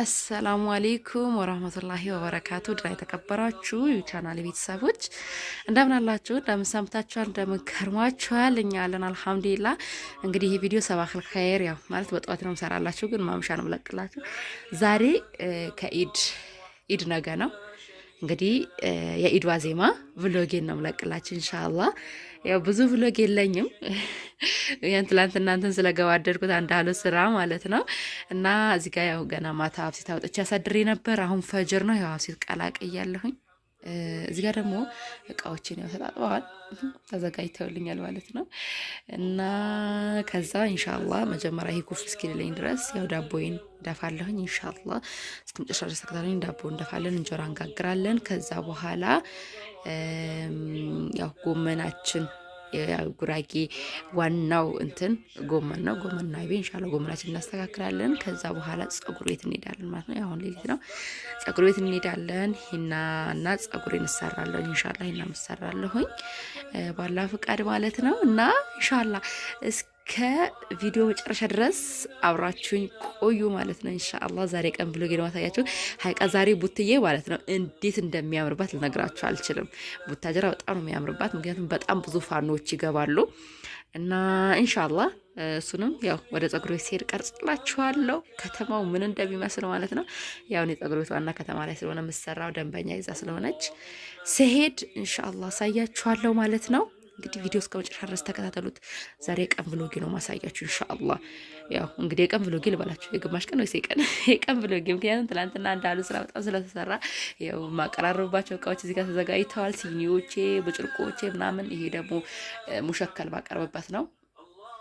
አሰላሙ አሌይኩም ወራህመቱላሂ ወበረካቱ ድና የተከበራችሁ የቻናል ቤተሰቦች እንደምን አላችሁ? እንደምን ሰምታችኋል? እንደምን ከርማችኋል? እኛ አለን አልሐምዱሊላ። እንግዲህ ይህ ቪዲዮ ሰባክል ከይር ያው ማለት በጠዋት ነው ምሰራላችሁ፣ ግን ማምሻ ነው ምለቅላችሁ። ዛሬ ከኢድ ኢድ ነገ ነው እንግዲህ የኢድ ዋዜማ ብሎጌን ነው የምለቅላችሁ እንሻላ። ያው ብዙ ብሎግ የለኝም ያን ትላንት እናንተን ስለገባደድኩት አንድ አለ ስራ ማለት ነው። እና እዚህ ጋ ያው ገና ማታ አብሲት አውጥቼ አሳድሬ ነበር። አሁን ፈጅር ነው ያው አብሲት ቀላቅ እያለሁኝ እዚህ ጋር ደግሞ እቃዎችን ያው ተጣጥበዋል ተዘጋጅተውልኛል ማለት ነው። እና ከዛ እንሻላ መጀመሪያ ይሄ ኩፍ እስኪልለኝ ድረስ ያው ዳቦይን እንዳፋለሁኝ እንሻላ እስከ መጨረሻ ድረስ ተከታተሉኝ። ዳቦ እንደፋለን፣ እንጀራ እንጋግራለን። ከዛ በኋላ ያው ጎመናችን የጉራጌ ዋናው እንትን ጎመን ነው። ጎመን እና ቤ እንሻላ ጎመናችን እናስተካክላለን። ከዛ በኋላ ጸጉር ቤት እንሄዳለን ማለት ነው። አሁን ሌሊት ነው። ጸጉር ቤት እንሄዳለን። ሂና እና ጸጉሬን እንሰራለን እንሻላ ሂና እሰራለሁኝ ባላ ፍቃድ ማለት ነው እና እንሻላ ከቪዲዮ መጨረሻ ድረስ አብራችሁኝ ቆዩ ማለት ነው። እንሻአላ ዛሬ ቀን ብሎ ጌ ማሳያችሁ ሀይቃ ዛሬ ቡትዬ ማለት ነው እንዴት እንደሚያምርባት ልነግራችሁ አልችልም። ቡታጀራ በጣም ነው የሚያምርባት፣ ምክንያቱም በጣም ብዙ ፋኖች ይገባሉ እና እንሻአላ እሱንም ያው ወደ ጸጉር ቤት ሲሄድ ቀርጽላችኋለሁ፣ ከተማው ምን እንደሚመስል ማለት ነው። ያው እኔ ጸጉር ቤት ዋና ከተማ ላይ ስለሆነ የምሰራው ደንበኛ ይዛ ስለሆነች ስሄድ እንሻአላ አሳያችኋለሁ ማለት ነው። እንግዲህ ቪዲዮ እስከ መጨረሻ ድረስ ተከታተሉት። ዛሬ የቀን ብሎጌ ነው ማሳያችሁ እንሻአላ። ያው እንግዲህ የቀን ብሎጌ ልበላችሁ የግማሽ ቀን ወይስ የቀን የቀን ብሎጌ፣ ምክንያቱም ትናንትና አንድ አሉ ስራ በጣም ስለተሰራ ያው ማቀራረብባቸው እቃዎች እዚጋ ተዘጋጅተዋል። ሲኒዎቼ፣ በጭርቆቼ ምናምን። ይሄ ደግሞ ሙሸከል ባቀርብበት ነው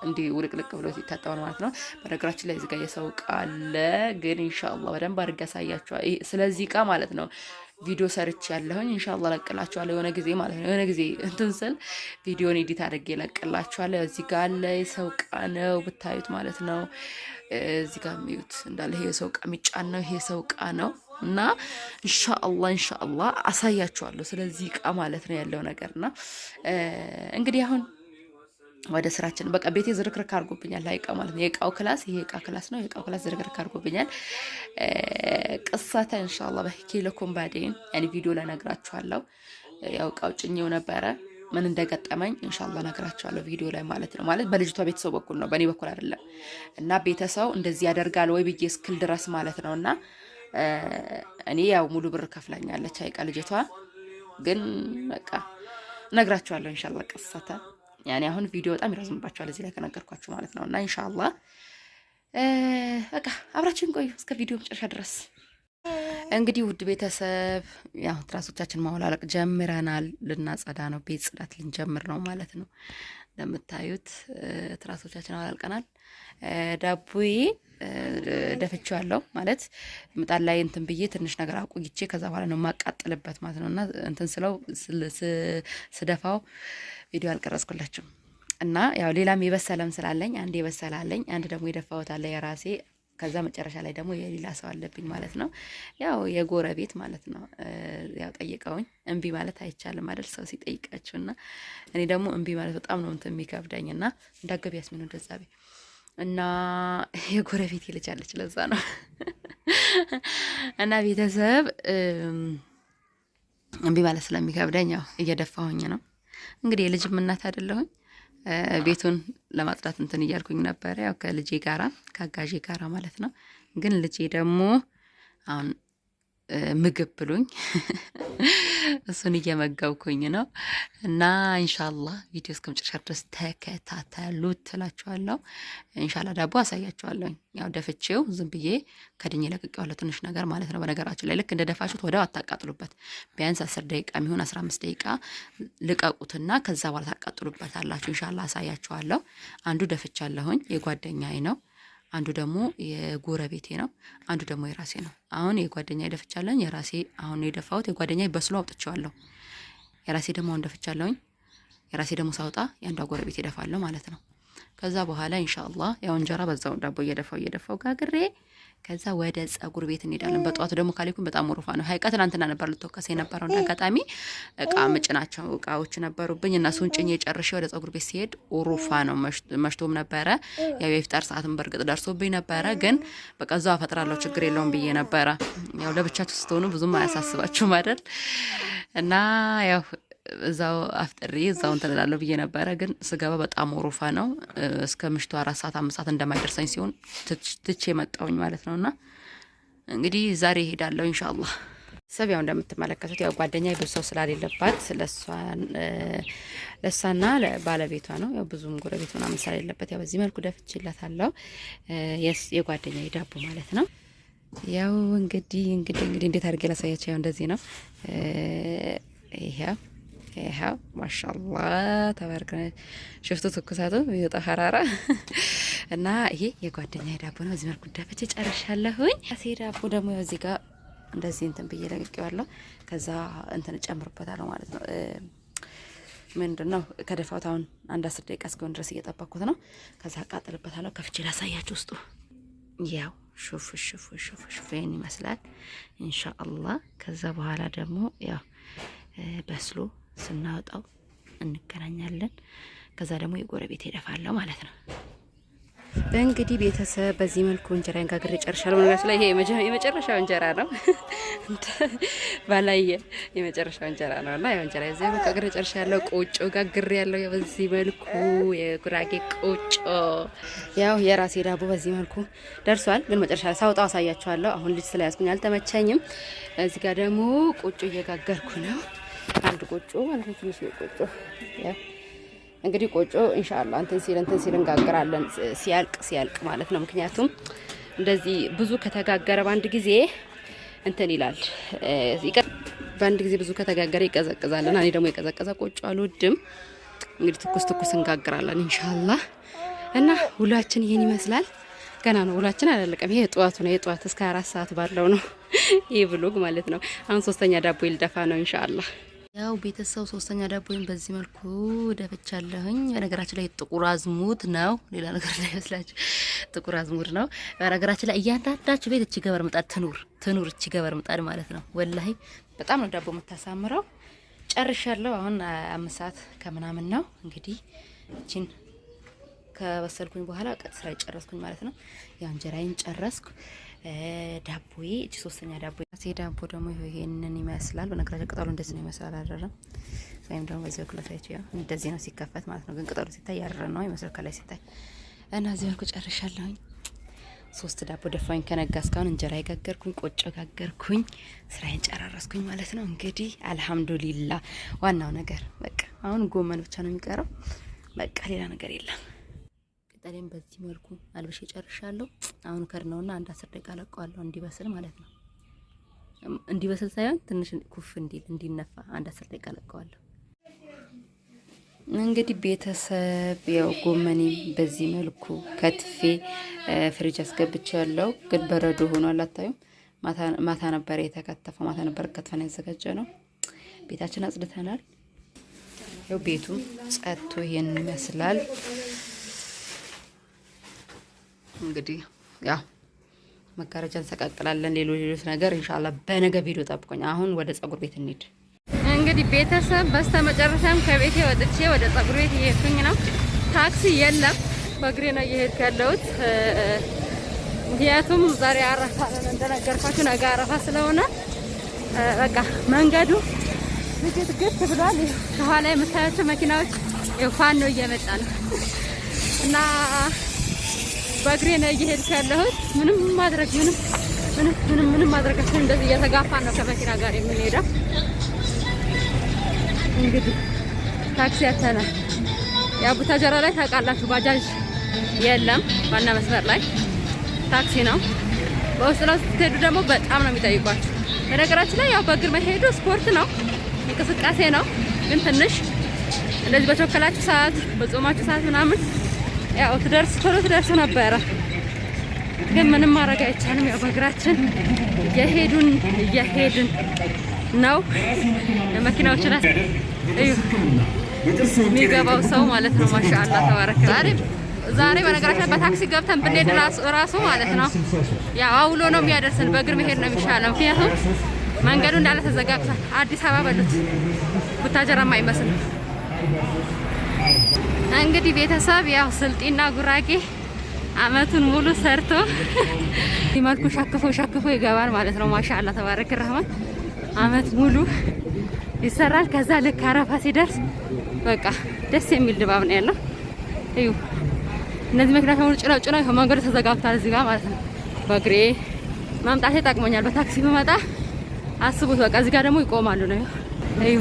እንዲህ ውልቅልቅ ብሎ ይታጠባል ማለት ነው። በነገራችን ላይ እዚህ የሰው እቃ አለ፣ ግን እንሻአላ በደንብ አድርጌ ያሳያችኋል ስለዚህ እቃ ማለት ነው ቪዲዮ ሰርች ያለሁኝ እንሻላ ለቅላችኋለሁ። የሆነ ጊዜ ማለት ነው። የሆነ ጊዜ እንትን ስል ቪዲዮን ኤዲት አድርጌ ለቅላችኋለሁ። እዚህ ጋ አለ የሰው ዕቃ ነው ብታዩት ማለት ነው። እዚህ ጋ ሚዩት እንዳለ ይሄ የሰው ዕቃ የሚጫን ነው። ይሄ የሰው ዕቃ ነው እና እንሻአላ እንሻአላ አሳያችኋለሁ። ስለዚህ ዕቃ ማለት ነው ያለው ነገርና እንግዲህ አሁን ወደ ስራችን በቃ ቤቴ ዝርክርክ አድርጎብኛል። ሀይቃ ማለት ነው የእቃው ክላስ ይሄ እቃ ክላስ ነው። የእቃው ክላስ ዝርክርክ አድርጎብኛል። ቅሳተ እንሻላ በህኪ ለኩም ባዴን ያኔ ቪዲዮ ላይ ነግራችኋለሁ። ያው እቃው ጭኜው ነበረ ምን እንደገጠመኝ እንሻላ ነግራችኋለሁ ቪዲዮ ላይ ማለት ነው። ማለት በልጅቷ ቤተሰብ በኩል ነው በእኔ በኩል አይደለም። እና ቤተሰው እንደዚህ ያደርጋል ወይ ብዬ እስክል ድረስ ማለት ነው። እና እኔ ያው ሙሉ ብር ከፍላኛለች አይቃ ልጅቷ ግን በቃ ነግራችኋለሁ እንሻላ ቅሳተ ያኔ አሁን ቪዲዮ በጣም ይረዝምባቸዋል እዚህ ላይ ከነገርኳችሁ ማለት ነው። እና ኢንሻአላህ በቃ አብራችን ቆዩ እስከ ቪዲዮ መጨረሻ ድረስ። እንግዲህ ውድ ቤተሰብ ያው ትራሶቻችን ማውላለቅ ጀምረናል። ልናጸዳ ነው፣ ቤት ጽዳት ልንጀምር ነው ማለት ነው። እንደምታዩት ትራሶቻችን አውላልቀናል። ዳቦዬ ደፍቼዋለሁ ማለት ምጣድ ላይ እንትን ብዬ ትንሽ ነገር አቁይቼ ከዛ በኋላ ነው የማቃጥልበት ማለት ነው። እና እንትን ስለው ስደፋው ቪዲዮ አልቀረጽኩላችሁም እና ያው ሌላም የበሰለም ስላለኝ አንድ የበሰላለኝ አንድ ደግሞ የደፋሁት አለ የራሴ ከዛ መጨረሻ ላይ ደግሞ የሌላ ሰው አለብኝ ማለት ነው። ያው የጎረቤት ማለት ነው። ያው ጠይቀውኝ እምቢ ማለት አይቻልም አይደል? ሰው እና እኔ ደግሞ እምቢ ማለት በጣም ነው እንትን የሚከብደኝ እና እንዳገብ ያስሚኑ ቤት እና የጎረቤት ልጅ ለዛ ነው እና ቤተሰብ እምቢ ማለት ስለሚከብደኝ ያው እየደፋሁኝ ነው እንግዲህ የልጅም እናት አይደለሁኝ ቤቱን ለማጽዳት እንትን እያልኩኝ ነበረ፣ ያው ከልጄ ጋራ ከአጋዤ ጋራ ማለት ነው። ግን ልጄ ደግሞ አሁን ምግብ ብሉኝ እሱን እየመገብኩኝ ነው። እና እንሻላ ቪዲዮ እስከ መጨረሻ ድረስ ተከታተሉት ትላችኋለሁ። እንሻላ ዳቦ አሳያችኋለሁኝ። ያው ደፍቼው ዝም ብዬ ከድኜ ለቅቄዋለሁ፣ ትንሽ ነገር ማለት ነው። በነገራችን ላይ ልክ እንደ ደፋችሁት ወደው አታቃጥሉበት። ቢያንስ አስር ደቂቃ የሚሆን አስራ አምስት ደቂቃ ልቀቁትና ከዛ በኋላ ታቃጥሉበት አላችሁ። እንሻላ አሳያችኋለሁ። አንዱ ደፍቻለሁኝ፣ የጓደኛዬ ነው አንዱ ደግሞ የጎረቤቴ ነው፣ አንዱ ደግሞ የራሴ ነው። አሁን የጓደኛ ይደፍቻለኝ የራሴ አሁን የደፋሁት የጓደኛ በስሎ አውጥቼዋለሁ። የራሴ ደግሞ አሁን ደፍቻለሁኝ። የራሴ ደግሞ ሳውጣ የአንዷ ጎረቤት ይደፋለሁ ማለት ነው። ከዛ በኋላ ኢንሻአላህ ያው እንጀራ በዛው ዳቦ እየደፋው እየደፋው ጋግሬ ከዛ ወደ ጸጉር ቤት እንሄዳለን። በጠዋቱ ደግሞ ካሌኩን በጣም ወርፋ ነው ሀይቃ ትናንትና ነበር ልትወቀስ የነበረው እና አጋጣሚ እቃ ምጭ ናቸው እቃዎች ነበሩብኝ እና ጭኜ ጨርሼ ወደ ጸጉር ቤት ሲሄድ ሩፋ ነው መሽቶም ነበረ። ያው የፍጣር ሰዓትን በእርግጥ ደርሶብኝ ነበረ፣ ግን በቃ እዛው አፈጥራለሁ ችግር የለውም ብዬ ነበረ። ያው ለብቻችሁ ስትሆኑ ብዙም አያሳስባችሁም አይደል? እና ያው እዛው አፍጥሬ እዛው እንትን እላለሁ ብዬ ነበረ። ግን ስገባ በጣም ሩፋ ነው። እስከ ምሽቱ አራት ሰዓት አምስት ሰዓት እንደማይደርሰኝ ሲሆን ትቼ መጣውኝ ማለት ነው። እና እንግዲህ ዛሬ ይሄዳለሁ ኢንሻአላህ። ሰብ ያው እንደምትመለከቱት ያው ጓደኛ ብዙ ሰው ስላሌለባት ለእሷና ባለቤቷ ነው። ያው ብዙም ጎረቤት ምናምን ስላሌለበት ያው በዚህ መልኩ ደፍቼላታለሁ። የጓደኛ ዳቦ ማለት ነው። ያው እንግዲህ እንግዲህ እንግዲህ እንዴት አድርጌ ላሳያቸው። ያው እንደዚህ ነው ይሄ ይኸው ማሻላ ተባርክነ ሽፍቱ ትኩሳቱ የሚወጣ ሀራራ እና ይሄ የጓደኛ ዳቦ ነው። እዚህ መልኩ ዳበች ጨርሻለሁኝ። ሴ ዳቦ ደግሞ እዚህ ጋር እንደዚህ እንትን ብዬ ለቅቄዋለሁ። ከዛ እንትን ጨምርበታለሁ ማለት ነው። ምንድን ነው ከደፋሁት አሁን አንድ አስር ደቂቃ እስኪሆን ድረስ እየጠበኩት ነው። ከዛ አቃጥልበታለሁ። ከፍቼ ላሳያችሁ ውስጡ ያው ሹፍ ሹፍ ሹፍ ሹፍ ይህን ይመስላል። ኢንሻአላህ ከዛ በኋላ ደግሞ ያው በስሎ ስናወጣው እንገናኛለን። ከዛ ደግሞ የጎረቤት ይደፋለሁ ማለት ነው። እንግዲህ ቤተሰብ በዚህ መልኩ እንጀራ ጋግሬ ጨርሻለሁ። በነገራችን ላይ ይሄ የመጨረሻው እንጀራ ነው፣ ባላየ የመጨረሻው እንጀራ ነው እና ያው እንጀራ ዚ ጋግሬ ጨርሻለሁ። ቆጮ ጋግሬ ያለው በዚህ መልኩ የጉራጌ ቆጮ፣ ያው የራሴ ዳቦ በዚህ መልኩ ደርሷል። ግን መጨረሻ ሳውጣው አሳያችኋለሁ። አሁን ልጅ ስለያዝኩኝ አልተመቸኝም። እዚህ ጋር ደግሞ ቆጮ እየጋገርኩ ነው። አንድ ቆጮ ማለት ነው። ትንሽ ቆጮ እንግዲህ ቆጮ ኢንሻአላ እንትን ሲል እንትን ሲል እንጋግራለን። ሲያልቅ ሲያልቅ ማለት ነው። ምክንያቱም እንደዚህ ብዙ ከተጋገረ በአንድ ጊዜ እንትን ይላል። በአንድ ጊዜ ብዙ ከተጋገረ ይቀዘቅዛል እና እኔ ደግሞ የቀዘቀዘ ቆጮ አልወድም። እንግዲህ ትኩስ ትኩስ እንጋግራለን ኢንሻአላ እና ውሏችን ይህን ይመስላል። ገና ነው ውሏችን አላለቀም። ይሄ የጠዋቱ ነው። የጠዋት እስከ አራት ሰዓት ባለው ነው ይህ ብሎግ ማለት ነው። አሁን ሶስተኛ ዳቦ ይልደፋ ነው ኢንሻአላህ። ያው ቤተሰብ ሶስተኛ ዳቦኝ በዚህ መልኩ ደፍቻለሁኝ። በነገራችን ላይ ጥቁር አዝሙድ ነው፣ ሌላ ነገር እንዳይመስላችሁ ጥቁር አዝሙድ ነው። በነገራችን ላይ እያንዳንዳችሁ ቤት እቺ ገበር ምጣድ ትኑር ትኑር፣ እቺ ገበር ምጣድ ማለት ነው። ወላሂ በጣም ነው ዳቦ የምታሳምረው። ጨርሻለሁ። አሁን አምስት ሰዓት ከምናምን ነው እንግዲህ እቺን ከበሰልኩኝ በኋላ ቀጥ ስራ ጨረስኩኝ ማለት ነው። ያው እንጀራዬን ጨረስኩ። ዳቦዬ እጅ ሶስተኛ ዳቦ ሴ ዳቦ ደግሞ ይሄንን ይመስላል። በነገራችን ቅጠሉ እንደዚህ ነው ይመስላል አይደለም? ወይም ደግሞ በዚህ በኩል ታይቶ እንደዚህ ነው ሲከፈት ማለት ነው። ግን ቅጠሉ ሲታይ ያረ ነው ይመስላል ከላይ ሲታይ እና እዚህ በኩል ጨርሻለሁኝ። ሶስት ዳቦ ደፋኝ ከነጋ እስካሁን እንጀራ የጋገርኩኝ ቆጮ ጋገርኩኝ፣ ስራዬን ጨራረስኩኝ ማለት ነው። እንግዲህ አልሐምዱሊላ ዋናው ነገር በቃ አሁን ጎመን ብቻ ነው የሚቀረው። በቃ ሌላ ነገር የለም። ቅጠሌን በዚህ መልኩ አልብሼ ጨርሻለሁ። አሁን ነውና አንድ አስር ደቂቃ ለቀዋለሁ እንዲበስል ማለት ነው። እንዲበስል ሳይሆን ትንሽ ኩፍ እንዲል እንዲነፋ አንድ አስር ደቂቃ ለቀዋለሁ። እንግዲህ ቤተሰብ ያው ጎመኔ በዚህ መልኩ ከትፌ ፍሪጅ አስገብቼ ያለው ግን በረዶ ሆኖ አላታዩም። ማታ ነበር የተከተፈው፣ ማታ ነበር ከትፈን ያዘጋጀ ነው። ቤታችን አጽድተናል። ያው ቤቱም ጸጥቶ ይሄን ይመስላል። እንግዲህ ያው መጋረጃ እንሰቃቅላለን። ሌሎ ሌሎች ነገር ኢንሻአላ በነገ ቪዲዮ ጠብቆኝ። አሁን ወደ ጸጉር ቤት እንሂድ። እንግዲህ ቤተሰብ በስተመጨረሻም ከቤቴ ወጥቼ ወደ ጸጉር ቤት እየሄድኩኝ ነው። ታክሲ የለም፣ በእግሬ ነው እየሄድኩ ያለሁት። ምክንያቱም ዛሬ አረፋ እንደነገርኳችሁ ነገ አረፋ ስለሆነ በቃ መንገዱ ግትግት ብሏል። ከኋላ የምታያቸው መኪናዎች ፋኖ እየመጣ ነው እና በእግሬ ነው እየሄድኩ ያለሁት። ምንም ማድረግ ምንም ምንም ምንም ምንም ማድረግ እንደዚህ እየተጋፋ ነው ከመኪና ጋር የምንሄደው። እንግዲህ ታክሲ ያተናል። ያው ቡታጀራ ላይ ታውቃላችሁ ባጃጅ የለም። ዋና መስመር ላይ ታክሲ ነው። በውስጥ ለውስጥ ስትሄዱ ደግሞ በጣም ነው የሚጠይቋችሁ። በነገራችን ላይ ያው በእግር መሄዱ ስፖርት ነው፣ እንቅስቃሴ ነው። ግን ትንሽ እንደዚህ በቾከላችሁ ሰዓት፣ በጾማችሁ ሰዓት ምናምን ያው ትደርስ ቶሎ ትደርስ ነበረ፣ ግን ምንም ማድረግ አይቻልም። ያው በእግራችን የሄዱን እየሄድን ነው። መኪናዎች ላይ እዩ የሚገባው ሰው ማለት ነው። ማሻአላ ተባረከ። ዛሬ ዛሬ በነገራችን በታክሲ ገብተን ብንሄድ ራሱ ማለት ነው ያው አውሎ ነው የሚያደርስን። በእግር መሄድ ነው የሚሻለው፣ ምክንያቱም መንገዱ እንዳለ ተዘጋግቷል። አዲስ አበባ በሉት ቡታጀራ አይመስልም። እንግዲህ ቤተሰብ ያው ስልጤና ጉራጌ አመቱን ሙሉ ሰርቶ መልኩ ሸክፎ ሸክፎ ይገባል ማለት ነው። ማሻአላ ተባረክ ረህማን አመት ሙሉ ይሰራል። ከዛ ልክ አረፋ ሲደርስ በቃ ደስ የሚል ድባብ ነው ያለው። እዩ እነዚህ መኪና ከሙሉ ጭነው ጭነው መንገዱ ተዘጋግቷል እዚህ ጋር ማለት ነው። በእግሬ መምጣቴ ጠቅሞኛል። በታክሲ ብመጣ አስቡት። በቃ እዚህ ጋር ደግሞ ይቆማሉ ነው እዩ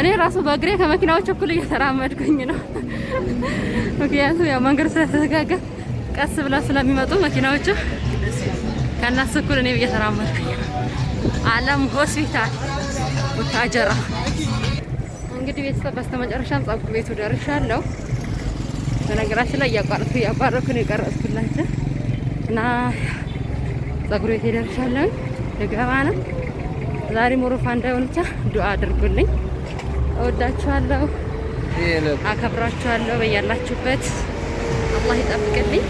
እኔ ራሱ በእግሬ ከመኪናዎች እኩል እየተራመድኩኝ ነው። ምክንያቱም ያው መንገድ ስለተዘጋጋ ቀስ ብለው ስለሚመጡ መኪናዎቹ ከእነሱ እኩል እኔ እየተራመድኩኝ ነው። አለም ሆስፒታል ቡታጀራ። እንግዲህ ቤተሰብ በስተመጨረሻም ጸጉር ቤቱ ደርሻለሁ። በነገራችን ላይ እያቋረጥኩ እያቋረጥኩ ነው የቀረጽኩላችሁ እና ጸጉር ቤቴ ደርሻለሁ። ልገባ ነው። ዛሬ ሙሩፋ እንዳይሆን ብቻ ዱአ አድርጉልኝ። እወዳችኋለሁ፣ አከብራችኋለሁ። በያላችሁበት አላህ ይጠብቅልኝ።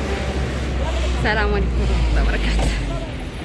ሰላም አለይኩም